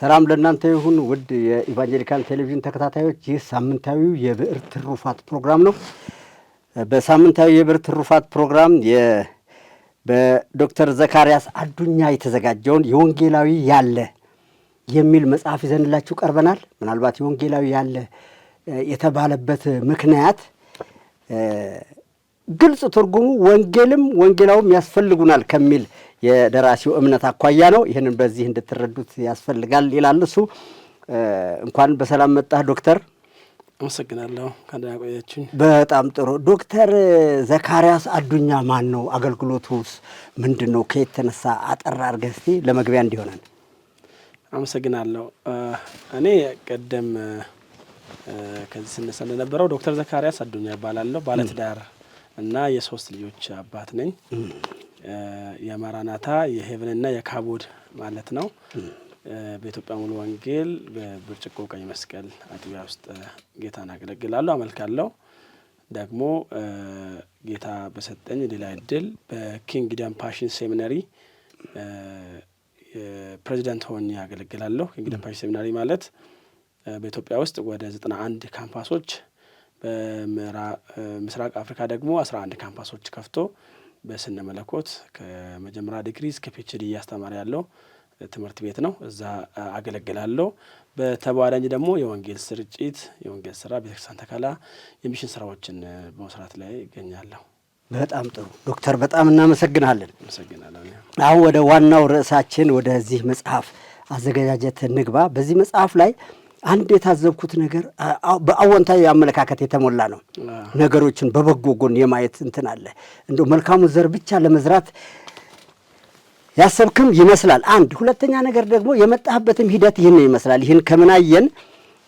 ሰላም ለእናንተ ይሁን ውድ የኢቫንጀሊካን ቴሌቪዥን ተከታታዮች፣ ይህ ሳምንታዊው የብዕር ትሩፋት ፕሮግራም ነው። በሳምንታዊ የብዕር ትሩፋት ፕሮግራም በዶክተር ዘካርያስ አዱኛ የተዘጋጀውን የወንጌላዊ ያለ የሚል መጽሐፍ ይዘንላችሁ ቀርበናል። ምናልባት የወንጌላዊ ያለ የተባለበት ምክንያት ግልጽ ትርጉሙ ወንጌልም ወንጌላውም ያስፈልጉናል ከሚል የደራሲው እምነት አኳያ ነው። ይህንን በዚህ እንድትረዱት ያስፈልጋል ይላል እሱ። እንኳን በሰላም መጣህ ዶክተር። አመሰግናለሁ ከቆያችን። በጣም ጥሩ ዶክተር ዘካርያስ አዱኛ ማን ነው? አገልግሎቱስ ምንድን ነው? ከየት ተነሳ? አጠራ አድርገህ እስቲ ለመግቢያ እንዲሆነን። አመሰግናለሁ። እኔ ቀደም ከዚህ ስነሳ እንደነበረው ዶክተር ዘካርያስ አዱኛ ይባላለሁ። ባለትዳር እና የሶስት ልጆች አባት ነኝ። የማራናታ የሄቨንና የካቦድ ማለት ነው። በኢትዮጵያ ሙሉ ወንጌል በብርጭቆ ቀይ መስቀል አጥቢያ ውስጥ ጌታን አገለግላለሁ፣ አመልካለሁ። ደግሞ ጌታ በሰጠኝ ሌላ እድል በኪንግደም ፓሽን ሴሚነሪ ፕሬዚደንት ሆኜ አገለግላለሁ። ኪንግደም ፓሽን ሴሚናሪ ማለት በኢትዮጵያ ውስጥ ወደ ዘጠና አንድ ካምፓሶች በምስራቅ አፍሪካ ደግሞ አስራ አንድ ካምፓሶች ከፍቶ በስነ መለኮት ከመጀመሪያ ዲግሪ እስከ ፒኤችዲ እያስተማረ ያለው ትምህርት ቤት ነው። እዛ አገለግላለሁ። በተባዳኝ ደግሞ የወንጌል ስርጭት፣ የወንጌል ስራ፣ ቤተክርስቲያን ተከላ፣ የሚሽን ስራዎችን በመስራት ላይ ይገኛለሁ። በጣም ጥሩ ዶክተር፣ በጣም እናመሰግናለን። አሁን ወደ ዋናው ርዕሳችን ወደዚህ መጽሐፍ አዘገጃጀት ንግባ በዚህ መጽሐፍ ላይ አንድ የታዘብኩት ነገር በአዎንታዊ አመለካከት የተሞላ ነው። ነገሮችን በበጎ ጎን የማየት እንትን አለ። እንደው መልካሙ ዘር ብቻ ለመዝራት ያሰብክም ይመስላል። አንድ ሁለተኛ ነገር ደግሞ የመጣህበትም ሂደት ይህን ይመስላል። ይህን ከምናየን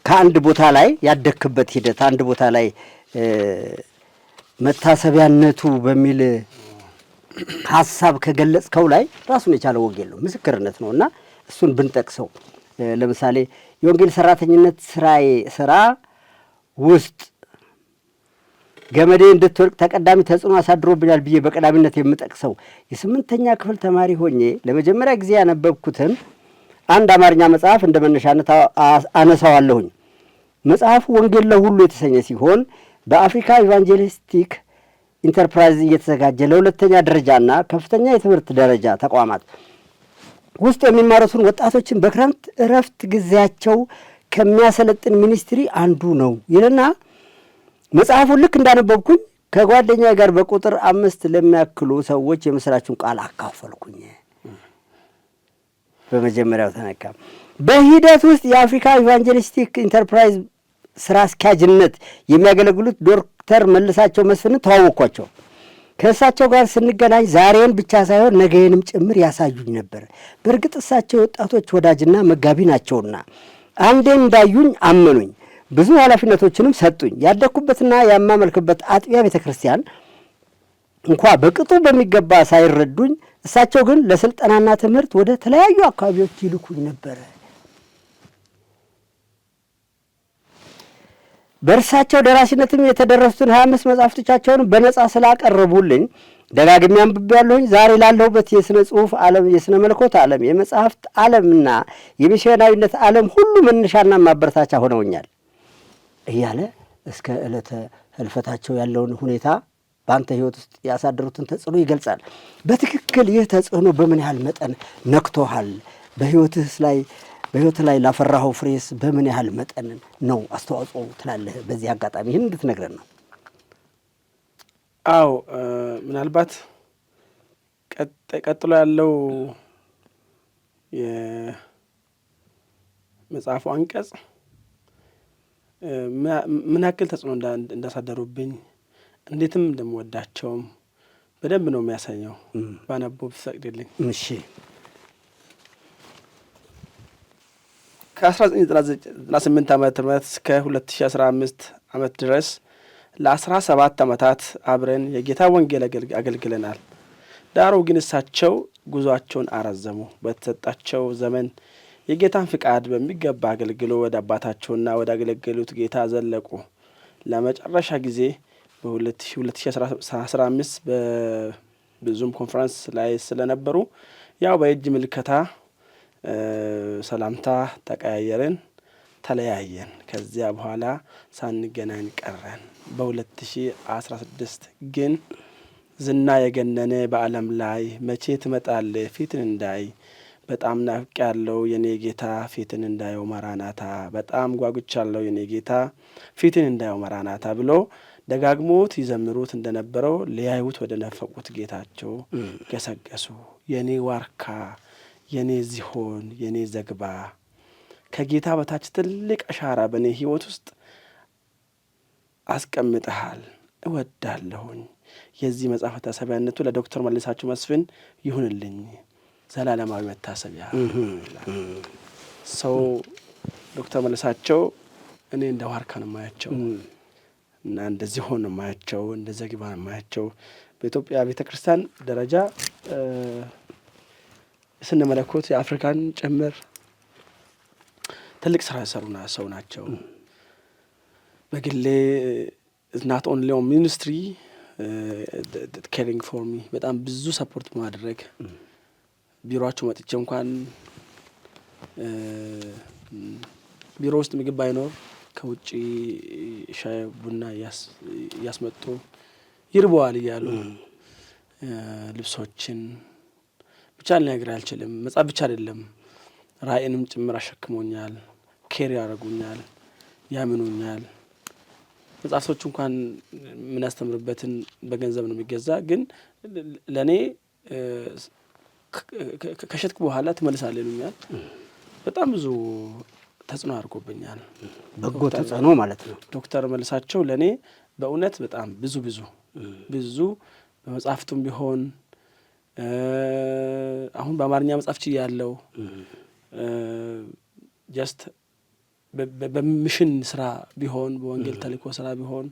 ከአንድ ቦታ ላይ ያደክበት ሂደት አንድ ቦታ ላይ መታሰቢያነቱ በሚል ሀሳብ ከገለጽከው ላይ ራሱን የቻለ ወግ የለው ምስክርነት ነው እና እሱን ብንጠቅሰው ለምሳሌ የወንጌል ሰራተኝነት ስራዬ ስራ ውስጥ ገመዴ እንድትወርቅ ተቀዳሚ ተጽዕኖ አሳድሮብኛል ብዬ በቀዳሚነት የምጠቅሰው የስምንተኛ ክፍል ተማሪ ሆኜ ለመጀመሪያ ጊዜ ያነበብኩትን አንድ አማርኛ መጽሐፍ እንደ መነሻነት አነሳዋለሁኝ። መጽሐፉ ወንጌል ለሁሉ የተሰኘ ሲሆን በአፍሪካ ኢቫንጀሊስቲክ ኢንተርፕራይዝ እየተዘጋጀ ለሁለተኛ ደረጃና ከፍተኛ የትምህርት ደረጃ ተቋማት ውስጡ የሚማረሱን ወጣቶችን በክረምት እረፍት ጊዜያቸው ከሚያሰለጥን ሚኒስትሪ አንዱ ነው ይልና መጽሐፉን ልክ እንዳነበብኩኝ ከጓደኛ ጋር በቁጥር አምስት ለሚያክሉ ሰዎች የምስራችን ቃል አካፈልኩኝ። በመጀመሪያው ተነካ። በሂደት ውስጥ የአፍሪካ ኢቫንጀሊስቲክ ኢንተርፕራይዝ ስራ አስኪያጅነት የሚያገለግሉት ዶክተር መልሳቸው መስፍንን ተዋወቅኳቸው። ከእሳቸው ጋር ስንገናኝ ዛሬን ብቻ ሳይሆን ነገዬንም ጭምር ያሳዩኝ ነበር። በእርግጥ እሳቸው ወጣቶች ወዳጅና መጋቢ ናቸውና አንዴን እንዳዩኝ አመኑኝ። ብዙ ኃላፊነቶችንም ሰጡኝ። ያደግኩበትና ያማመልክበት አጥቢያ ቤተ ክርስቲያን እንኳ በቅጡ በሚገባ ሳይረዱኝ፣ እሳቸው ግን ለስልጠናና ትምህርት ወደ ተለያዩ አካባቢዎች ይልኩኝ ነበረ። በእርሳቸው ደራሲነትም የተደረሱትን ሀያ አምስት መጽሐፍቶቻቸውን በነጻ ስላቀረቡልኝ ደጋግሜ አንብቤያለሁኝ። ዛሬ ላለሁበት የሥነ ጽሑፍ ዓለም፣ የሥነ መለኮት ዓለም፣ የመጽሐፍት ዓለምና የሚስዮናዊነት ዓለም ሁሉ መነሻና ማበረታቻ ሆነውኛል እያለ እስከ ዕለተ ህልፈታቸው ያለውን ሁኔታ በአንተ ህይወት ውስጥ ያሳደሩትን ተጽዕኖ ይገልጻል። በትክክል ይህ ተጽዕኖ በምን ያህል መጠን ነክቶሃል? በህይወትህስ ላይ በህይወት ላይ ላፈራኸው ፍሬስ በምን ያህል መጠን ነው አስተዋጽኦ ትላለህ? በዚህ አጋጣሚ ይህን እንድትነግረን ነው። አዎ ምናልባት ቀጥሎ ያለው የመጽሐፉ አንቀጽ ምን ያክል ተጽዕኖ እንዳሳደሩብኝ እንዴትም እንደምወዳቸውም በደንብ ነው የሚያሳየው። ባነቦ ብትፈቅድልኝ። እሺ ከ1998 ዓ ም እስከ 2015 ዓመት ድረስ ለ17 ዓመታት አብረን የጌታ ወንጌል አገልግለናል። ዳሩ ግን እሳቸው ጉዟቸውን አራዘሙ። በተሰጣቸው ዘመን የጌታን ፍቃድ በሚገባ አገልግሎ ወደ አባታቸውና ወደ አገለገሉት ጌታ ዘለቁ። ለመጨረሻ ጊዜ በ2015 በዙም ኮንፈረንስ ላይ ስለነበሩ ያው በእጅ ምልከታ ሰላምታ ተቀያየርን፣ ተለያየን። ከዚያ በኋላ ሳንገናኝ ቀረን። በ2016 ግን ዝና የገነነ በዓለም ላይ መቼ ትመጣለ ፊትን እንዳይ በጣም ናፍቅ ያለው የኔ ጌታ ፊትን እንዳየው መራናታ፣ በጣም ጓጉች ያለው የኔ ጌታ ፊትን እንዳየው መራናታ ብሎ ደጋግሞት ይዘምሩት እንደነበረው ሊያዩት ወደ ነፈቁት ጌታቸው ገሰገሱ። የኔ ዋርካ የኔ ዝሆን የኔ ዘግባ ከጌታ በታች ትልቅ አሻራ በእኔ ህይወት ውስጥ አስቀምጠሃል። እወዳለሁኝ። የዚህ መጽሐፍ መታሰቢያነቱ ለዶክተር መለሳቸው መስፍን ይሁንልኝ። ዘላለማዊ መታሰቢያ ሰው ዶክተር መለሳቸው እኔ እንደ ዋርካ ነው የማያቸው እና እንደ ዚሆን ነው የማያቸው፣ እንደ ዘግባ ነው የማያቸው። በኢትዮጵያ ቤተ ክርስቲያን ደረጃ ስንመለኮት የአፍሪካን ጭምር ትልቅ ስራ የሰሩ ሰው ናቸው። በግሌ ናት ኦንሊ ኦን ሚኒስትሪ ኬሪንግ ፎር ሚ በጣም ብዙ ሰፖርት በማድረግ ቢሮቸው መጥቼ እንኳን uh, ቢሮ ውስጥ ምግብ ባይኖር ከውጭ ሻይ ቡና እያስመጡ ይርበዋል እያሉ uh, ልብሶችን ብቻ ልነግርህ አልችልም። መጽሐፍ ብቻ አይደለም ራእይንም ጭምር አሸክሞኛል፣ ኬር ያደረጉኛል፣ ያምኑኛል። መጽሐፍቶቹ እንኳን የምናስተምርበትን በገንዘብ ነው የሚገዛ። ግን ለእኔ ከሸጥኩ በኋላ ትመልሳለህ ይሉኛል። በጣም ብዙ ተጽዕኖ አድርጎብኛል። በጎ ተጽዕኖ ማለት ነው። ዶክተር መልሳቸው ለእኔ በእውነት በጣም ብዙ ብዙ ብዙ በመጽሐፍቱም ቢሆን አሁን በአማርኛ መጻፍ ያለው ጀስት በሚሽን ስራ ቢሆን በወንጌል ተልእኮ ስራ ቢሆን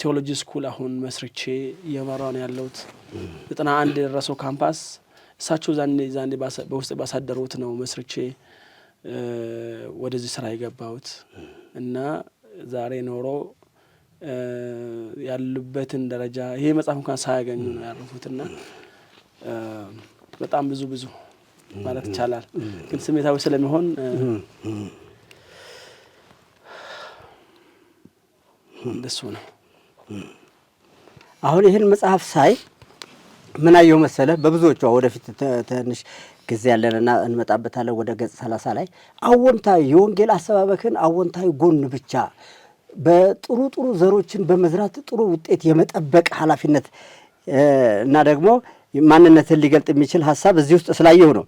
ቴዎሎጂ ስኩል አሁን መስርቼ እየመራ ነው ያለሁት። ዘጠና አንድ የደረሰው ካምፓስ እሳቸው ዛኔ ዛኔ በውስጥ ባሳደሩት ነው መስርቼ ወደዚህ ስራ የገባሁት እና ዛሬ ኖሮ ያሉበትን ደረጃ ይሄ መጽሐፍ እንኳን ሳያገኙ ነው ያረፉትና በጣም ብዙ ብዙ ማለት ይቻላል። ግን ስሜታዊ ስለሚሆን እንደሱ ነው። አሁን ይህን መጽሐፍ ሳይ ምን አየሁ መሰለ? በብዙዎቿ ወደፊት ትንሽ ጊዜ ያለንና እንመጣበታለን። ወደ ገጽ ሰላሳ ላይ አዎንታዊ የወንጌል አሰባበክን አዎንታዊ ጎን ብቻ በጥሩ ጥሩ ዘሮችን በመዝራት ጥሩ ውጤት የመጠበቅ ኃላፊነት እና ደግሞ ማንነትን ሊገልጥ የሚችል ሀሳብ እዚህ ውስጥ ስላየሁ ነው።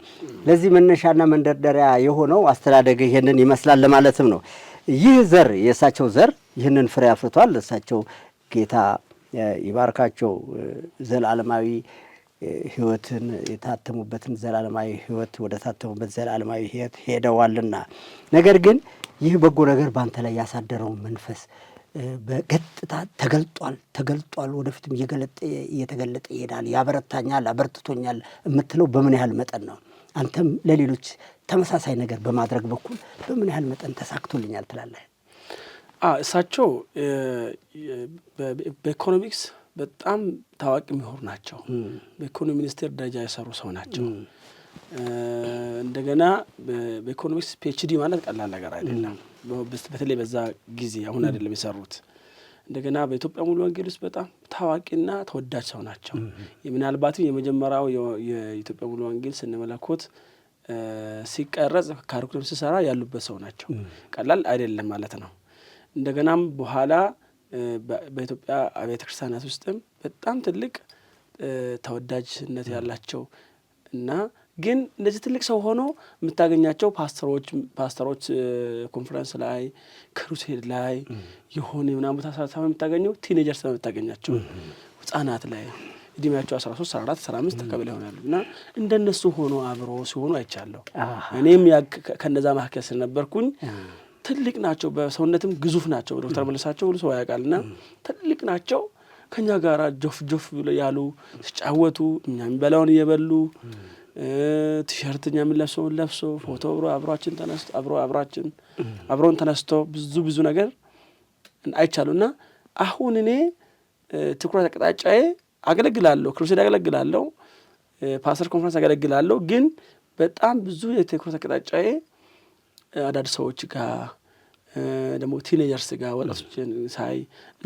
ለዚህ መነሻና መንደርደሪያ የሆነው አስተዳደግ ይህንን ይመስላል ለማለትም ነው። ይህ ዘር የእሳቸው ዘር ይህንን ፍሬ አፍርቷል። እሳቸው ጌታ ይባርካቸው ዘላለማዊ ህይወትን የታተሙበትን ዘላለማዊ ህይወት ወደ ታተሙበት ዘላለማዊ ህይወት ሄደዋልና ነገር ግን ይህ በጎ ነገር በአንተ ላይ ያሳደረው መንፈስ በቀጥታ ተገልጧል ተገልጧል ወደፊትም እየተገለጠ ይሄዳል፣ ያበረታኛል፣ አበርትቶኛል የምትለው በምን ያህል መጠን ነው? አንተም ለሌሎች ተመሳሳይ ነገር በማድረግ በኩል በምን ያህል መጠን ተሳክቶልኛል ትላለህ? እሳቸው በኢኮኖሚክስ በጣም ታዋቂ የሚሆኑ ናቸው። በኢኮኖሚ ሚኒስቴር ደረጃ የሰሩ ሰው ናቸው። እንደገና በኢኮኖሚክስ ፒኤችዲ ማለት ቀላል ነገር አይደለም። በተለይ በዛ ጊዜ አሁን አይደለም የሰሩት። እንደገና በኢትዮጵያ ሙሉ ወንጌል ውስጥ በጣም ታዋቂና ተወዳጅ ሰው ናቸው። ምናልባትም የመጀመሪያው የኢትዮጵያ ሙሉ ወንጌል ስንመለኮት ሲቀረጽ ካሪኩለም ስሰራ ያሉበት ሰው ናቸው። ቀላል አይደለም ማለት ነው። እንደገናም በኋላ በኢትዮጵያ አብያተ ክርስቲያናት ውስጥም በጣም ትልቅ ተወዳጅነት ያላቸው እና ግን እንደዚህ ትልቅ ሰው ሆኖ የምታገኛቸው ፓስተሮች ፓስተሮች ኮንፈረንስ ላይ ክሩሴድ ላይ የሆነ ምናምን ቦታ ሳሳ የምታገኘው ቲኔጀርስ ላይ የምታገኛቸው ህጻናት ላይ እድሜያቸው 13 14 15 ተቀብለ ይሆናሉ እና እንደነሱ ሆኖ አብሮ ሲሆኑ አይቻለሁ። እኔም ከነዛ መካከል ስለነበርኩኝ ትልቅ ናቸው፣ በሰውነትም ግዙፍ ናቸው። ዶክተር መለሳቸው ሁሉ ሰው ያውቃል እና ትልቅ ናቸው ከእኛ ጋር ጆፍ ጆፍ ያሉ ሲጫወቱ እኛ የሚበላውን እየበሉ ቲሸርትኛ የምንለብሰውን ለብሶ ፎቶ ብሮ አብሮችን ተነስቶ አብሮ አብሮችን አብሮን ተነስቶ ብዙ ብዙ ነገር አይቻሉ እና አሁን እኔ ትኩረት አቅጣጫዬ አገለግላለሁ፣ ክሩሴድ አገለግላለሁ፣ ፓስተር ኮንፈረንስ አገለግላለሁ። ግን በጣም ብዙ የትኩረት አቅጣጫዬ አዳድ ሰዎች ጋር ደግሞ ቲኔጀርስ ጋር ወጣቶችን ሳይ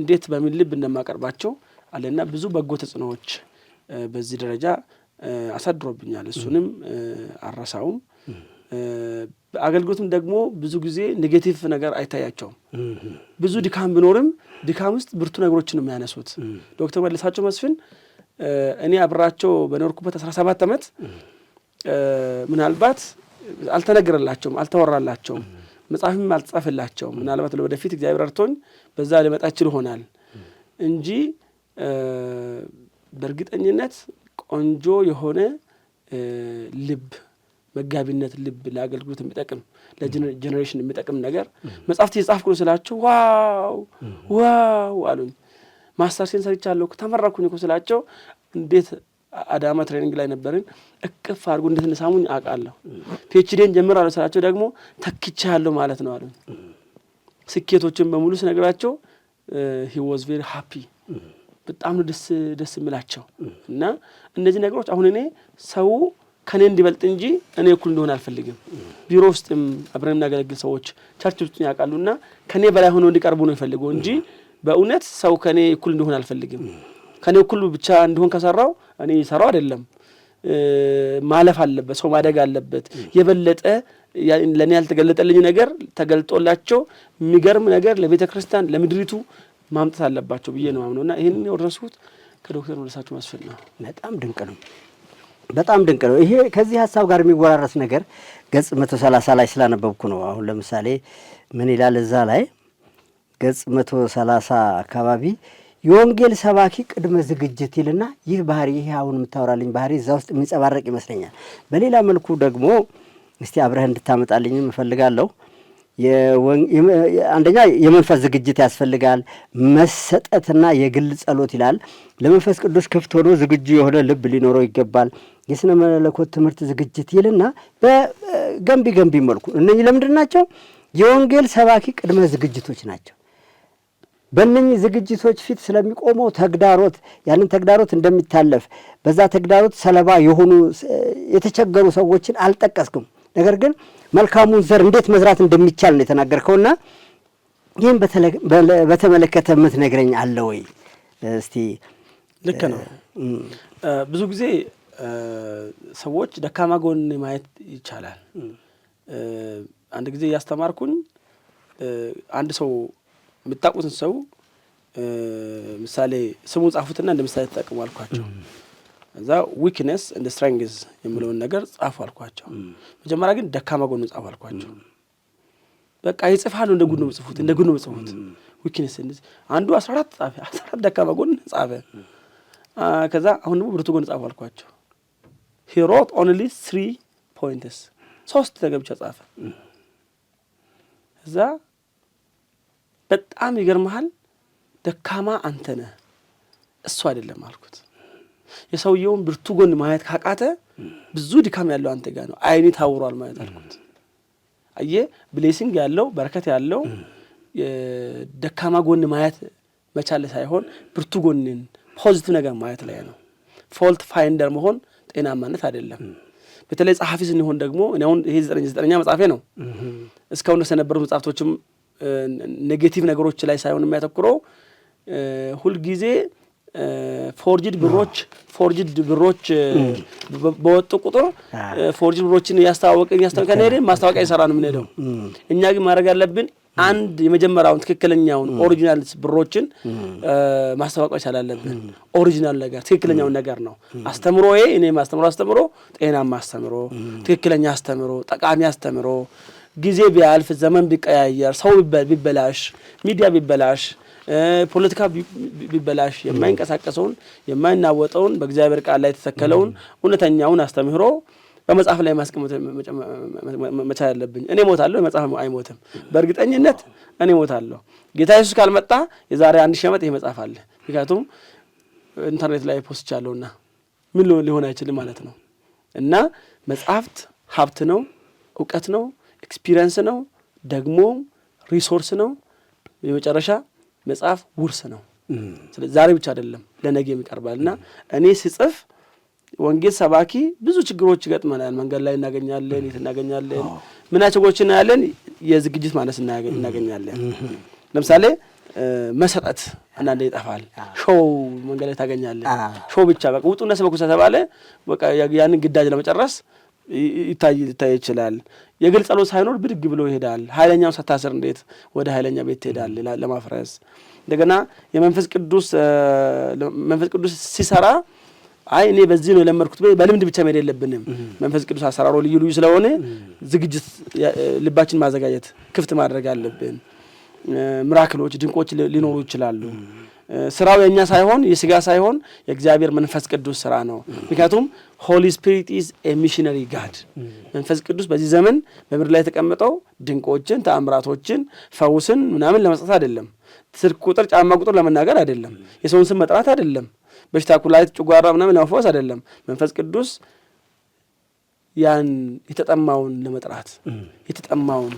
እንዴት በሚል ልብ እንደማቀርባቸው አለና ብዙ በጎ ተጽዕኖዎች በዚህ ደረጃ አሳድሮብኛል። እሱንም አረሳውም። አገልግሎትም ደግሞ ብዙ ጊዜ ኔጌቲቭ ነገር አይታያቸውም። ብዙ ድካም ቢኖርም ድካም ውስጥ ብርቱ ነገሮችን ነው የሚያነሱት። ዶክተር መለሳቸው መስፍን እኔ አብራቸው በኖርኩበት 17 ዓመት ምናልባት አልተነገረላቸውም፣ አልተወራላቸውም፣ መጽሐፍም አልተጻፈላቸውም። ምናልባት ለወደፊት እግዚአብሔር ረድቶኝ በዛ ሊመጣ ይችል ይሆናል እንጂ በእርግጠኝነት ቆንጆ የሆነ ልብ መጋቢነት ልብ ለአገልግሎት የሚጠቅም ለጀኔሬሽን የሚጠቅም ነገር መጽሐፍት የጻፍኩ ነው ስላቸው ዋው ዋው አሉኝ። ማስተርሴን ሰርቻለሁ ተመረኩኝ እኮ ስላቸው እንዴት አዳማ ትሬኒንግ ላይ ነበርን። እቅፍ አድርጎ እንዴት እንደሳሙኝ አውቃለሁ። ፒኤችዲን አለ ስላቸው ደግሞ ተክቻለሁ ማለት ነው አሉኝ። ስኬቶችን በሙሉ ስነግራቸው ሂ ዋዝ ቬሪ ሃፒ በጣም ነው ደስ ደስ የምላቸው እና እነዚህ ነገሮች አሁን እኔ ሰው ከኔ እንዲበልጥ እንጂ እኔ እኩል እንደሆነ አልፈልግም። ቢሮ ውስጥም አብረን የምናገለግል ሰዎች ቸርች ውስጥ ያውቃሉና ከኔ በላይ ሆነው እንዲቀርቡ ነው የፈልገው እንጂ በእውነት ሰው ከኔ እኩል እንደሆነ አልፈልግም። ከኔ እኩል ብቻ እንደሆን ከሰራው እኔ ሰራው አይደለም። ማለፍ አለበት፣ ሰው ማደግ አለበት። የበለጠ ለእኔ ያልተገለጠልኝ ነገር ተገልጦላቸው የሚገርም ነገር ለቤተ ክርስቲያን ለምድሪቱ ማምጣት አለባቸው ብዬ ነው ማምነው እና የወረስኩት ከዶክተር መለሳቸው መስፍን ነው። በጣም ድንቅ ነው። በጣም ድንቅ ነው። ይሄ ከዚህ ሀሳብ ጋር የሚወራረስ ነገር ገጽ መቶ ሰላሳ ላይ ስላነበብኩ ነው። አሁን ለምሳሌ ምን ይላል እዛ ላይ ገጽ መቶ ሰላሳ አካባቢ የወንጌል ሰባኪ ቅድመ ዝግጅት ይልና ይህ ባህሪ ይሄ አሁን የምታወራልኝ ባህሪ እዛ ውስጥ የሚንጸባረቅ ይመስለኛል። በሌላ መልኩ ደግሞ እስቲ አብረህ እንድታመጣልኝም እፈልጋለሁ። አንደኛ የመንፈስ ዝግጅት ያስፈልጋል። መሰጠትና የግል ጸሎት ይላል። ለመንፈስ ቅዱስ ክፍት ሆኖ ዝግጁ የሆነ ልብ ሊኖረው ይገባል። የሥነ መለኮት ትምህርት ዝግጅት ይልና በገንቢ ገንቢ መልኩ እነኚህ ለምንድን ናቸው? የወንጌል ሰባኪ ቅድመ ዝግጅቶች ናቸው። በእነኚህ ዝግጅቶች ፊት ስለሚቆመው ተግዳሮት ያንን ተግዳሮት እንደሚታለፍ በዛ ተግዳሮት ሰለባ የሆኑ የተቸገሩ ሰዎችን አልጠቀስኩም። ነገር ግን መልካሙን ዘር እንዴት መዝራት እንደሚቻል ነው የተናገርከውና ይህም በተመለከተ የምትነግረኝ አለ ወይ? እስቲ ልክ ነው። ብዙ ጊዜ ሰዎች ደካማ ጎን ማየት ይቻላል። አንድ ጊዜ እያስተማርኩኝ አንድ ሰው የምታውቁትን ሰው ምሳሌ ስሙን ጻፉትና እንደ ምሳሌ ተጠቅሙ አልኳቸው። እዛ ዊክነስ እንደ ስትረንግዝ የምለውን ነገር ጻፉ አልኳቸው። መጀመሪያ ግን ደካማ ጎኑ ጻፉ አልኳቸው። በቃ ይጽፋሉ እንደ ጉድ ጽፉት፣ እንደ ጉድ ጽፉት። ዊክነስ አንዱ አስራ አራት ጻፈ፣ አስራ አራት ደካማ ጎን ጻፈ። ከዛ አሁን ደግሞ ብርቱ ጎን ጻፉ አልኳቸው። ሂ ሮት ኦንሊ ስሪ ፖይንትስ ሶስት ነገር ብቻ ጻፈ። እዛ በጣም ይገርመሃል ደካማ አንተ እሱ አይደለም አልኩት። የሰውየውን ብርቱ ጎን ማየት ካቃተ ብዙ ድካም ያለው አንተ ጋር ነው። አይኔ ታውሯል ማለት አልኩት። አየ ብሌሲንግ ያለው በረከት ያለው ደካማ ጎን ማየት መቻል ሳይሆን ብርቱ ጎንን ፖዚቲቭ ነገር ማየት ላይ ነው። ፎልት ፋይንደር መሆን ጤናማነት አይደለም። በተለይ ጸሐፊ ስንሆን ደግሞ እኔ አሁን ይሄ ዘጠነኛ መጽሐፌ ነው። እስካሁን ደስ የነበሩ መጽሐፍቶችም ኔጌቲቭ ነገሮች ላይ ሳይሆን የሚያተኩረው ሁልጊዜ ፎርጅድ ብሮች ፎርጅድ ብሮች በወጡ ቁጥር ፎርጅድ ብሮችን እያስተዋወቅን እያስተዋወቅን ሄደን ማስታወቂያ ነው የምንሄደው። እኛ ግን ማድረግ ያለብን አንድ የመጀመሪያውን ትክክለኛውን ኦሪጂናል ብሮችን ማስታወቂያ ይቻል አለብን። ኦሪጂናል ነገር ትክክለኛውን ነገር ነው አስተምሮ ይሄ እኔ ማስተምሮ አስተምሮ ጤናማ አስተምሮ ትክክለኛ አስተምሮ ጠቃሚ አስተምሮ ጊዜ ቢያልፍ ዘመን ቢቀያየር ሰው ቢበላሽ ሚዲያ ቢበላሽ ፖለቲካ ቢበላሽ የማይንቀሳቀሰውን የማይናወጠውን በእግዚአብሔር ቃል ላይ የተተከለውን እውነተኛውን አስተምህሮ በመጽሐፍ ላይ ማስቀመጥ መቻል ያለብኝ። እኔ ሞታለሁ፣ መጽሐፍ አይሞትም። በእርግጠኝነት እኔ ሞታለሁ። ጌታ ኢየሱስ ካልመጣ የዛሬ አንድ ሺህ ዓመት ይህ መጽሐፍ አለ። ምክንያቱም ኢንተርኔት ላይ ፖስት ቻለውና ምን ሊሆን አይችልም ማለት ነው። እና መጽሐፍት ሀብት ነው፣ እውቀት ነው፣ ኤክስፒሪየንስ ነው፣ ደግሞ ሪሶርስ ነው። የመጨረሻ መጽሐፍ ውርስ ነው። ዛሬ ብቻ አይደለም ለነገም ይቀርባል እና እኔ ስጽፍ ወንጌል ሰባኪ ብዙ ችግሮች ይገጥመናል። መንገድ ላይ እናገኛለን፣ የት እናገኛለን፣ ምን ችግሮች እናያለን፣ የዝግጅት ማነስ እናገኛለን። ለምሳሌ መሰጠት አንዳንዴ ይጠፋል። ሾው መንገድ ላይ ታገኛለን። ሾው ብቻ በቃ ውጡና ስበኩ ተባለ። በቃ ያንን ግዳጅ ለመጨረስ ይታይ ይችላል። የግል ጸሎት ሳይኖር ብድግ ብሎ ይሄዳል። ኃይለኛው ሳታስር እንዴት ወደ ኃይለኛ ቤት ትሄዳል ለማፍረስ። እንደገና የመንፈስ ቅዱስ መንፈስ ቅዱስ ሲሰራ አይ እኔ በዚህ ነው የለመድኩት በልምድ ብቻ መሄድ የለብንም። መንፈስ ቅዱስ አሰራሮ ልዩ ልዩ ስለሆነ ዝግጅት ልባችን ማዘጋጀት ክፍት ማድረግ አለብን። ምራክሎች ድንቆች ሊኖሩ ይችላሉ። ስራው የእኛ ሳይሆን የስጋ ሳይሆን የእግዚአብሔር መንፈስ ቅዱስ ስራ ነው። ምክንያቱም ሆሊ ስፒሪት ኢዝ ሚሽነሪ ጋድ። መንፈስ ቅዱስ በዚህ ዘመን በምድር ላይ የተቀመጠው ድንቆችን፣ ተአምራቶችን፣ ፈውስን ምናምን ለመስጠት አይደለም። ስልክ ቁጥር፣ ጫማ ቁጥር ለመናገር አይደለም። የሰውን ስም መጥራት አይደለም። በሽታ፣ ኩላሊት፣ ጭጓራ ምናምን ለመፈወስ አይደለም። መንፈስ ቅዱስ ያን የተጠማውን ለመጥራት የተጠማውን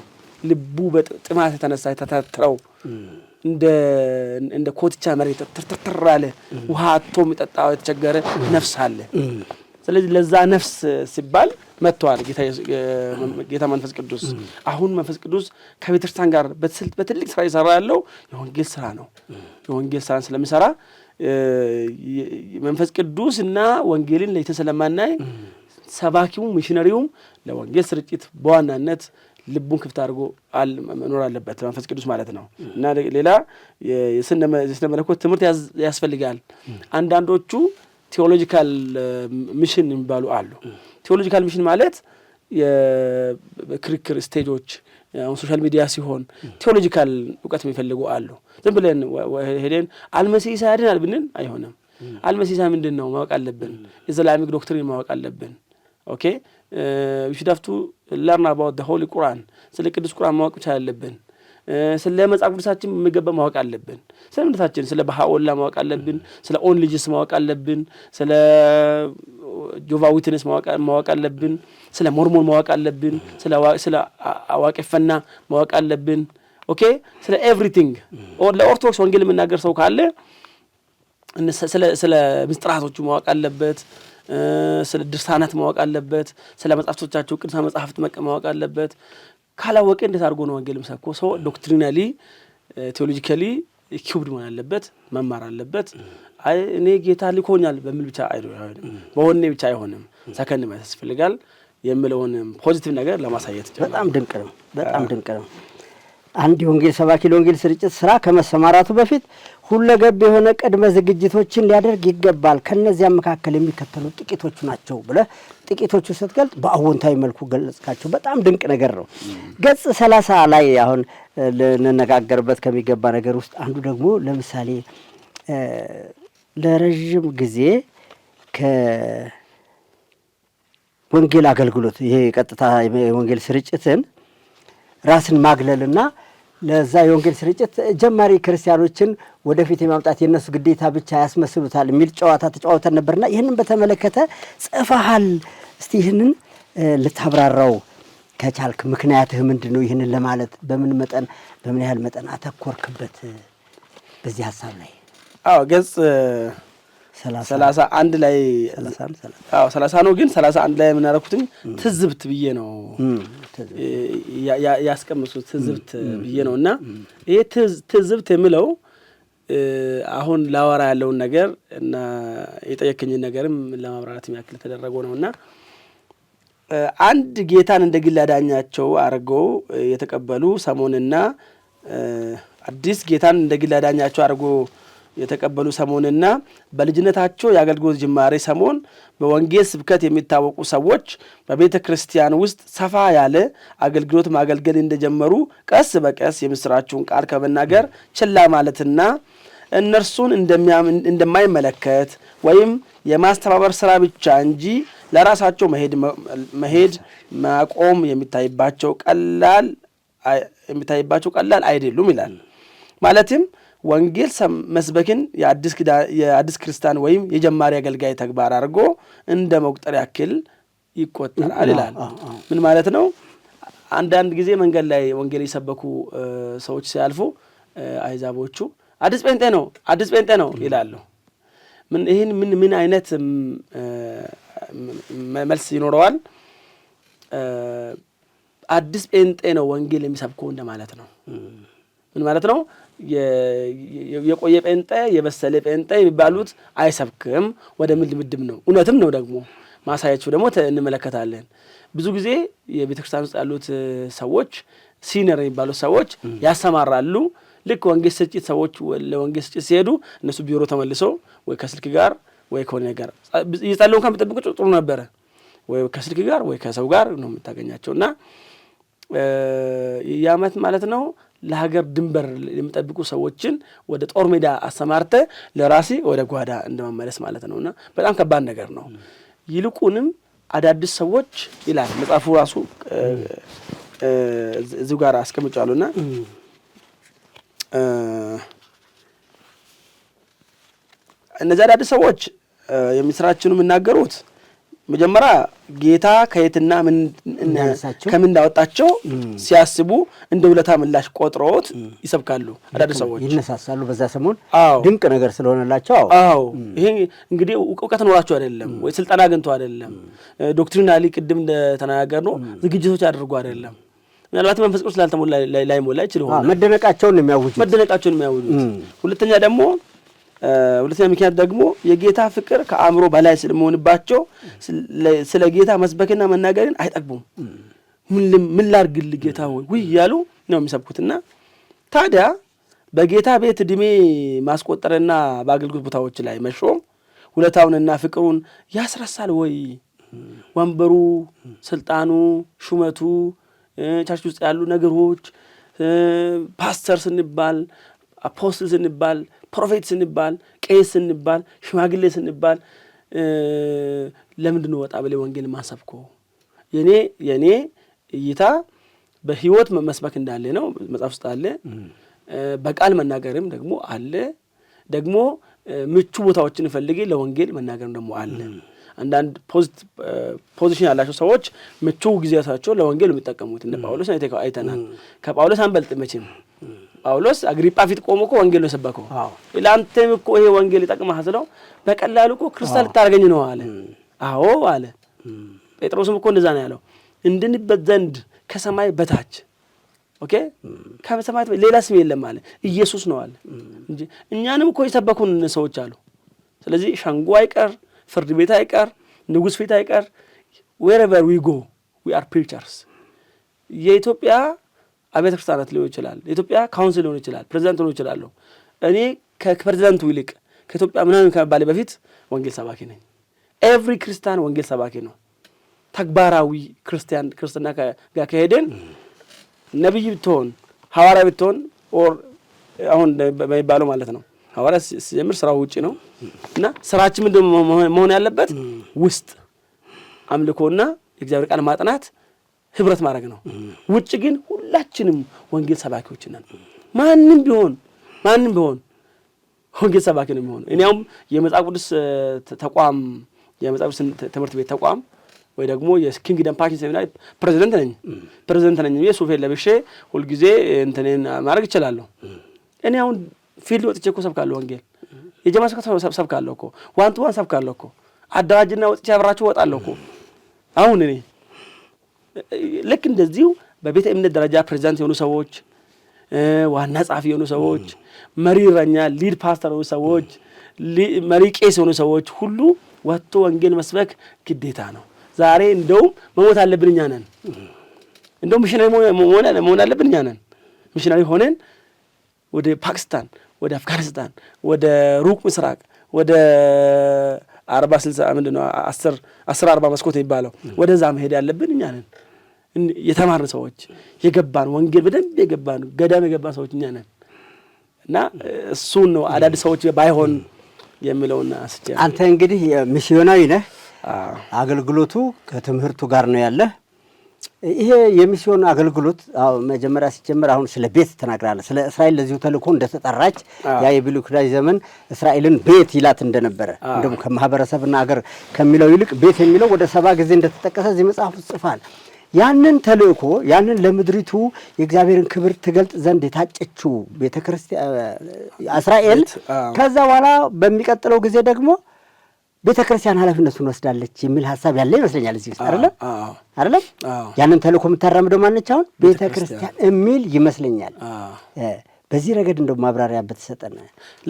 ልቡ በጥማት የተነሳ የተታትረው እንደ ኮትቻ መሬት ትርትር አለ ውሃ አቶ የሚጠጣ የተቸገረ ነፍስ አለ። ስለዚህ ለዛ ነፍስ ሲባል መጥተዋል ጌታ መንፈስ ቅዱስ። አሁን መንፈስ ቅዱስ ከቤተክርስቲያን ጋር በትልቅ ስራ እየሰራ ያለው የወንጌል ስራ ነው። የወንጌል ስራን ስለሚሰራ መንፈስ ቅዱስ እና ወንጌልን ለይተን ስለማናይ ሰባኪውም ሚሽነሪውም ለወንጌል ስርጭት በዋናነት ልቡን ክፍት አድርጎ መኖር አለበት መንፈስ ቅዱስ ማለት ነው። እና ሌላ የስነ መለኮት ትምህርት ያስፈልጋል። አንዳንዶቹ ቴዎሎጂካል ሚሽን የሚባሉ አሉ። ቴዎሎጂካል ሚሽን ማለት የክርክር ስቴጆች ሶሻል ሚዲያ ሲሆን ቴዎሎጂካል እውቀት የሚፈልጉ አሉ። ዝም ብለን ሄደን አልመሲሳ ያድናል ብንል አይሆንም። አልመሲሳ ምንድን ነው ማወቅ አለብን። ኢስላሚክ ዶክትሪን ማወቅ አለብን። ኦኬ ዩሽዳፍቱ ለርን አባውት ሆሊ ቁርአን ስለ ቅዱስ ቁርአን ማወቅ ብቻ አለብን። ስለ መጽሐፍ ቅዱሳችን የሚገባ ማወቅ አለብን። ስለ እምነታችን ስለ ባሃኦላ ማወቅ አለብን። ስለ ኦን ልጅስ ማወቅ አለብን። ስለ ጆቫ ዊትነስ ማወቅ አለብን። ስለ ሞርሞን ማወቅ አለብን። ስለ አዋቂ ፈና ማወቅ አለብን። ኦኬ ስለ ኤቭሪቲንግ ለኦርቶዶክስ ወንጌል የምናገር ሰው ካለ ስለ ምስጥራቶቹ ማወቅ አለበት። ስለ ድርሳናት ማወቅ አለበት። ስለ መጽሐፍቶቻቸው ቅዱሳን መጽሐፍት ማወቅ አለበት። ካላወቀ እንዴት አድርጎ ነው ወንጌል ምሰኮ ሰው ዶክትሪናሊ ቴዎሎጂካሊ ኪውብድ መሆን አለበት፣ መማር አለበት። እኔ ጌታ ልኮኛል በሚል ብቻ በሆኔ ብቻ አይሆንም። ሰከንድ ማለት ያስፈልጋል የምለውን ፖዚቲቭ ነገር ለማሳየት በጣም ድንቅ ነው። በጣም ድንቅ ነው። አንድ የወንጌል ሰባኪ ለወንጌል ስርጭት ስራ ከመሰማራቱ በፊት ሁለገብ የሆነ ቅድመ ዝግጅቶችን ሊያደርግ ይገባል። ከነዚያም መካከል የሚከተሉ ጥቂቶቹ ናቸው ብለ ጥቂቶቹ ስትገልጽ በአዎንታዊ መልኩ ገለጽካቸው። በጣም ድንቅ ነገር ነው። ገጽ ሰላሳ ላይ አሁን ልንነጋገርበት ከሚገባ ነገር ውስጥ አንዱ ደግሞ ለምሳሌ ለረዥም ጊዜ ከወንጌል አገልግሎት ይሄ ቀጥታ የወንጌል ስርጭትን ራስን ማግለልና ለዛ የወንጌል ስርጭት ጀማሪ ክርስቲያኖችን ወደፊት የማምጣት የእነሱ ግዴታ ብቻ ያስመስሉታል የሚል ጨዋታ ተጫዋውተን ነበርና ይህንን በተመለከተ ጽፈሃል። እስቲ ይህንን ልታብራራው ከቻልክ ምክንያትህ ምንድን ነው? ይህንን ለማለት በምን መጠን በምን ያህል መጠን አተኮርክበት በዚህ ሀሳብ ላይ? አዎ ገጽ ሰላሳ አንድ ላይ ሰላሳ ነው ግን ሰላሳ አንድ ላይ የምናረኩትኝ ትዝብት ብዬ ነው ያስቀምሱት ትዝብት ብዬ ነው። እና ይሄ ትዝብት የምለው አሁን ላወራ ያለውን ነገር እና የጠየከኝን ነገርም ለማብራራት የሚያክል ተደረገው ነው እና አንድ ጌታን እንደ ግል አዳኛቸው አድርገው የተቀበሉ ሰሞንና አዲስ ጌታን እንደ ግል አዳኛቸው አድርጎ የተቀበሉ ሰሞንና በልጅነታቸው የአገልግሎት ጅማሬ ሰሞን በወንጌል ስብከት የሚታወቁ ሰዎች በቤተ ክርስቲያን ውስጥ ሰፋ ያለ አገልግሎት ማገልገል እንደጀመሩ ቀስ በቀስ የምስራችሁን ቃል ከመናገር ችላ ማለትና እነርሱን እንደማይመለከት ወይም የማስተባበር ስራ ብቻ እንጂ ለራሳቸው መሄድ ማቆም የሚታይባቸው ቀላል የሚታይባቸው ቀላል አይደሉም ይላል። ማለትም ወንጌል መስበክን የአዲስ ክርስቲያን ወይም የጀማሪ አገልጋይ ተግባር አድርጎ እንደ መቁጠር ያክል ይቆጠራል ይላል። ምን ማለት ነው? አንዳንድ ጊዜ መንገድ ላይ ወንጌል የሰበኩ ሰዎች ሲያልፉ አይዛቦቹ አዲስ ጴንጤ ነው አዲስ ጴንጤ ነው ይላሉ። ይህን ምን ምን አይነት መልስ ይኖረዋል? አዲስ ጴንጤ ነው ወንጌል የሚሰብከው እንደማለት ነው። ምን ማለት ነው? የቆየ ጴንጤ የበሰለ ጴንጤ የሚባሉት አይሰብክም። ወደ ምድ ምድብ ነው። እውነትም ነው ደግሞ ማሳያችሁ ደግሞ እንመለከታለን። ብዙ ጊዜ የቤተ ክርስቲያን ውስጥ ያሉት ሰዎች ሲነር የሚባሉት ሰዎች ያሰማራሉ። ልክ ወንጌል ስርጭት ሰዎች ለወንጌል ስርጭት ሲሄዱ እነሱ ቢሮ ተመልሶ ወይ ከስልክ ጋር ወይ ከሆነ ነገር እየጸለዩ እንኳን ቢጠብቁ ጥሩ ነበረ። ወይ ከስልክ ጋር ወይ ከሰው ጋር ነው የምታገኛቸው እና የአመት ማለት ነው ለሀገር ድንበር የሚጠብቁ ሰዎችን ወደ ጦር ሜዳ አሰማርተ ለራሴ ወደ ጓዳ እንደመመለስ ማለት ነው እና በጣም ከባድ ነገር ነው። ይልቁንም አዳዲስ ሰዎች ይላል መጽሐፉ ራሱ እዚሁ ጋር አስቀምጫሉና እነዚህ አዳዲስ ሰዎች የሚስራችን የሚናገሩት መጀመሪያ ጌታ ከየትና ከምን እንዳወጣቸው ሲያስቡ እንደ ውለታ ምላሽ ቆጥሮት ይሰብካሉ። አዳዲስ ሰዎች ይነሳሳሉ። በዛ ሰሞን ድንቅ ነገር ስለሆነላቸው። አዎ ይሄ እንግዲህ እውቀት ኖራቸው አይደለም ወይ ስልጠና አግኝቶ አይደለም። ዶክትሪን አሊ ቅድም እንደተናገር ነው ዝግጅቶች አድርጎ አይደለም። ምናልባት መንፈስ ቅዱስ ላልተሞላ ላይሞላ ይችል ሆ መደነቃቸውን የሚያውጁት መደነቃቸውን የሚያውጁት ሁለተኛ ደግሞ ሁለተኛ ምክንያት ደግሞ የጌታ ፍቅር ከአእምሮ በላይ ስለመሆንባቸው ስለ ጌታ መስበክና መናገርን አይጠግቡም። ምን ላርግል ጌታ ሆይ ውይ እያሉ ነው የሚሰብኩትና ታዲያ በጌታ ቤት እድሜ ማስቆጠርና በአገልግሎት ቦታዎች ላይ መሾም ሁለታውንና ፍቅሩን ያስረሳል ወይ? ወንበሩ፣ ስልጣኑ፣ ሹመቱ፣ ቻች ውስጥ ያሉ ነገሮች ፓስተር ስንባል አፖስትል ስንባል፣ ፕሮፌት ስንባል፣ ቄስ ስንባል፣ ሽማግሌ ስንባል ለምንድን ወጣ ብለ ወንጌል ማሰብኮ? የኔ የኔ እይታ በህይወት መስበክ እንዳለ ነው፣ መጽሐፍ ውስጥ አለ። በቃል መናገርም ደግሞ አለ። ደግሞ ምቹ ቦታዎችን ፈልጊ ለወንጌል መናገርም ደግሞ አለ። አንዳንድ ፖዚሽን ያላቸው ሰዎች ምቹ ጊዜያታቸው ለወንጌል የሚጠቀሙት እንደ ጳውሎስ አይተናል። ከጳውሎስ አንበልጥ መቼም ጳውሎስ አግሪጳ ፊት ቆሞ እኮ ወንጌል ነው የሰበከው። ለአንተም እኮ ይሄ ወንጌል ይጠቅምሃል ስለው በቀላሉ እኮ ክርስቲያን ልታደርገኝ ነው አለ። አዎ አለ። ጴጥሮስም እኮ እንደዛ ነው ያለው። እንድንበት ዘንድ ከሰማይ በታች ኦኬ፣ ከሰማይ ሌላ ስም የለም አለ። ኢየሱስ ነው አለ እንጂ እኛንም እኮ የሰበኩን ሰዎች አሉ። ስለዚህ ሸንጎ አይቀር፣ ፍርድ ቤት አይቀር፣ ንጉሥ ፊት አይቀር፣ ዌር ቨር ዊ ጎ ዊ አር ፕሪቸርስ የኢትዮጵያ አብያተ ክርስቲያናት ሊሆን ይችላል፣ የኢትዮጵያ ካውንስል ሊሆን ይችላል፣ ፕሬዚዳንት ሊሆን ይችላለሁ። እኔ ከፕሬዚዳንቱ ይልቅ ከኢትዮጵያ ምናምን ከመባሌ በፊት ወንጌል ሰባኪ ነኝ። ኤቭሪ ክርስቲያን ወንጌል ሰባኪ ነው። ተግባራዊ ክርስቲያን ክርስትና ጋር ከሄደን ነቢይ ብትሆን ሐዋርያ ብትሆን ኦር አሁን በሚባለው ማለት ነው ሐዋርያ ሲጀምር ስራው ውጭ ነው እና ስራችን ምንድን መሆን ያለበት ውስጥ አምልኮና የእግዚአብሔር ቃል ማጥናት ህብረት ማድረግ ነው። ውጭ ግን ሁላችንም ወንጌል ሰባኪዎች ነን። ማንም ቢሆን ማንም ቢሆን ወንጌል ሰባኪ ነው የሚሆነው። እኒያውም የመጽሐፍ ቅዱስ ተቋም የመጽሐፍ ቅዱስ ትምህርት ቤት ተቋም ወይ ደግሞ የኪንግደም ፓሽን ሴሚናሪ ፕሬዚደንት ነኝ ፕሬዚደንት ነኝ ብዬ ሱፌን ለብሼ ሁልጊዜ እንትኔን ማድረግ ይችላለሁ። እኔ አሁን ፊልድ ወጥቼ እኮ ሰብካለሁ ወንጌል የጀማ ሰብካለሁ እኮ ዋን ቱ ዋን ሰብካለሁ እኮ አደራጅና ወጥቼ አብራችሁ እወጣለሁ እኮ አሁን እኔ ልክ እንደዚሁ በቤተ እምነት ደረጃ ፕሬዚዳንት የሆኑ ሰዎች፣ ዋና ጸሐፊ የሆኑ ሰዎች፣ መሪ እረኛ ሊድ ፓስተር የሆኑ ሰዎች፣ መሪ ቄስ የሆኑ ሰዎች ሁሉ ወጥቶ ወንጌል መስበክ ግዴታ ነው። ዛሬ እንደውም መሞት አለብን እኛ ነን። እንደውም ሚሽናሪ መሆን አለብን እኛ ነን። ሚሽናሪ ሆነን ወደ ፓኪስታን፣ ወደ አፍጋኒስታን፣ ወደ ሩቅ ምስራቅ ወደ አርባ ስልሳ ምንድን ነው አስር አርባ መስኮት የሚባለው ወደዛ መሄድ ያለብን እኛ ነን። የተማርን ሰዎች የገባን ወንጌል በደንብ የገባን ገዳም የገባን ሰዎች እኛ ነን እና እሱን ነው አዳዲስ ሰዎች ባይሆን የሚለውን አስቸ አንተ እንግዲህ ሚስዮናዊ ነህ። አገልግሎቱ ከትምህርቱ ጋር ነው ያለህ። ይሄ የሚስዮን አገልግሎት መጀመሪያ ሲጀምር አሁን ስለ ቤት ተናግራለ። ስለ እስራኤል ለዚሁ ተልእኮ እንደተጠራች ያ የብሉይ ኪዳን ዘመን እስራኤልን ቤት ይላት እንደነበረ እንደውም ከማህበረሰብና አገር ከሚለው ይልቅ ቤት የሚለው ወደ ሰባ ጊዜ እንደተጠቀሰ እዚህ መጽሐፍ ውስጥ ጽፋል። ያንን ተልእኮ ያንን ለምድሪቱ የእግዚአብሔርን ክብር ትገልጥ ዘንድ የታጨችው ቤተ ክርስቲያን እስራኤል ከዛ በኋላ በሚቀጥለው ጊዜ ደግሞ ቤተ ክርስቲያን ኃላፊነቱን ወስዳለች የሚል ሀሳብ ያለ ይመስለኛል። እዚህ ውስጥ አይደለም አይደለም ያንን ተልእኮ የምታራምደው ማነች? አሁን ቤተ ክርስቲያን የሚል ይመስለኛል። በዚህ ረገድ እንደው ማብራሪያ በተሰጠን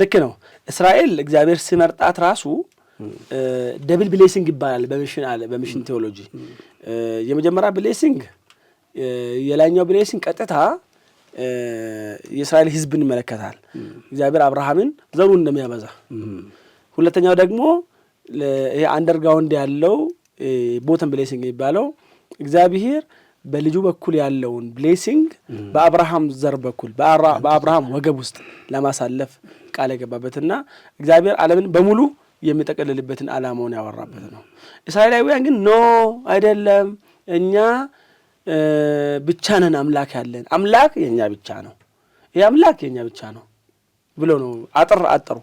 ልክ ነው። እስራኤል እግዚአብሔር ሲመርጣት ራሱ ደብል ብሌሲንግ ይባላል በሚሽን ቴዎሎጂ የመጀመሪያ ብሌሲንግ የላይኛው ብሌሲንግ ቀጥታ የእስራኤል ህዝብን ይመለከታል። እግዚአብሔር አብርሃምን ዘሩን እንደሚያበዛ ሁለተኛው ደግሞ ይሄ አንደርጋውንድ ያለው ቦተን ብሌሲንግ የሚባለው እግዚአብሔር በልጁ በኩል ያለውን ብሌሲንግ በአብርሃም ዘር በኩል በአብርሃም ወገብ ውስጥ ለማሳለፍ ቃል የገባበትና እግዚአብሔር አለምን በሙሉ የሚጠቀልልበትን ዓላማውን ያወራበት ነው። እስራኤላዊያን ግን ኖ አይደለም፣ እኛ ብቻ ነን አምላክ ያለን አምላክ የእኛ ብቻ ነው፣ ይህ አምላክ የእኛ ብቻ ነው ብሎ ነው አጥር አጥሩ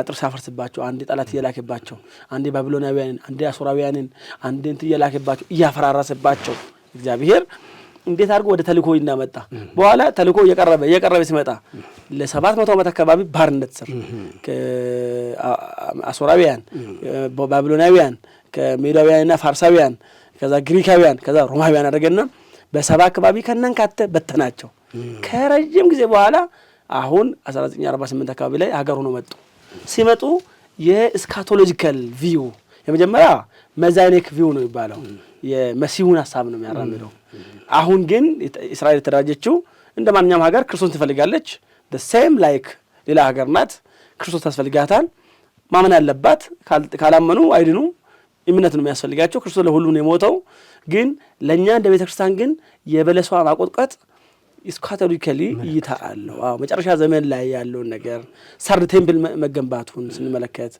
አጥር ሲያፈርስባቸው አንዴ ጠላት እየላክባቸው፣ አንዴ ባቢሎናውያንን አንዴ አሶራውያንን አንዴ እንትን እየላከባቸው እያፈራረሰባቸው እግዚአብሔር እንዴት አድርጎ ወደ ተልእኮ እናመጣ። በኋላ ተልእኮ እየቀረበ እየቀረበ ሲመጣ ለሰባት መቶ ዓመት አካባቢ ባርነት ስር አሶራውያን፣ ባቢሎናውያን፣ ከሜዳውያንና ፋርሳውያን ከዛ ግሪካውያን ከዛ ሮማውያን አደረገና በሰባ አካባቢ ካተ በተናቸው። ከረጅም ጊዜ በኋላ አሁን 1948 አካባቢ ላይ ሀገር ሆኖ መጡ። ሲመጡ የስካቶሎጂካል ቪው የመጀመሪያ መዛኔክ ቪው ነው የሚባለው የመሲሁን ሀሳብ ነው የሚያራምደው አሁን ግን እስራኤል የተደራጀችው እንደ ማንኛውም ሀገር ክርስቶስን ትፈልጋለች። ሴም ላይክ ሌላ ሀገር ናት። ክርስቶስ ታስፈልጋታል። ማመን አለባት። ካላመኑ አይድኑ። እምነት ነው የሚያስፈልጋቸው። ክርስቶስ ለሁሉ ነው የሞተው። ግን ለእኛ እንደ ቤተ ክርስቲያን ግን የበለሷ ማቆጥቀጥ ስካቶሊካሊ እይታ አለው። አዎ መጨረሻ ዘመን ላይ ያለውን ነገር ሰርድ ቴምፕል መገንባቱን ስንመለከት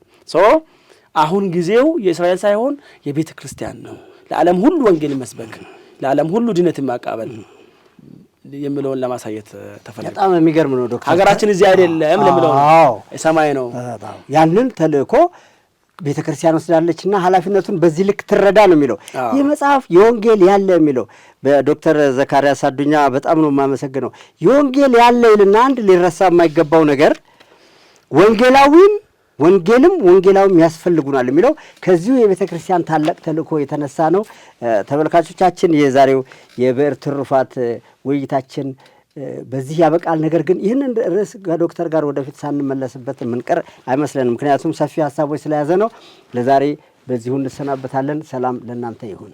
አሁን ጊዜው የእስራኤል ሳይሆን የቤተ ክርስቲያን ነው። ለዓለም ሁሉ ወንጌል መስበክ ለዓለም ሁሉ ድነት ማቃበል የምለውን ለማሳየት ተፈለገ። በጣም የሚገርም ነው ዶክተር። ሀገራችን እዚህ አይደለም ለምለው የሰማይ ነው። ያንን ተልእኮ ቤተ ክርስቲያን ወስዳለች እና ኃላፊነቱን በዚህ ልክ ትረዳ ነው የሚለው የመጽሐፍ የወንጌል ያለ የሚለው በዶክተር ዘካርያስ አዱኛ በጣም ነው የማመሰግነው። የወንጌል ያለ ይልና አንድ ሊረሳ የማይገባው ነገር ወንጌላዊም ወንጌልም ወንጌላውም ያስፈልጉናል የሚለው ከዚሁ የቤተ ክርስቲያን ታላቅ ተልእኮ የተነሳ ነው። ተመልካቾቻችን የዛሬው የብዕር ትሩፋት ውይይታችን በዚህ ያበቃል። ነገር ግን ይህንን ርዕስ ከዶክተር ጋር ወደፊት ሳንመለስበት የምንቀር አይመስለንም። ምክንያቱም ሰፊ ሀሳቦች ስለያዘ ነው። ለዛሬ በዚሁ እንሰናበታለን። ሰላም ለእናንተ ይሁን።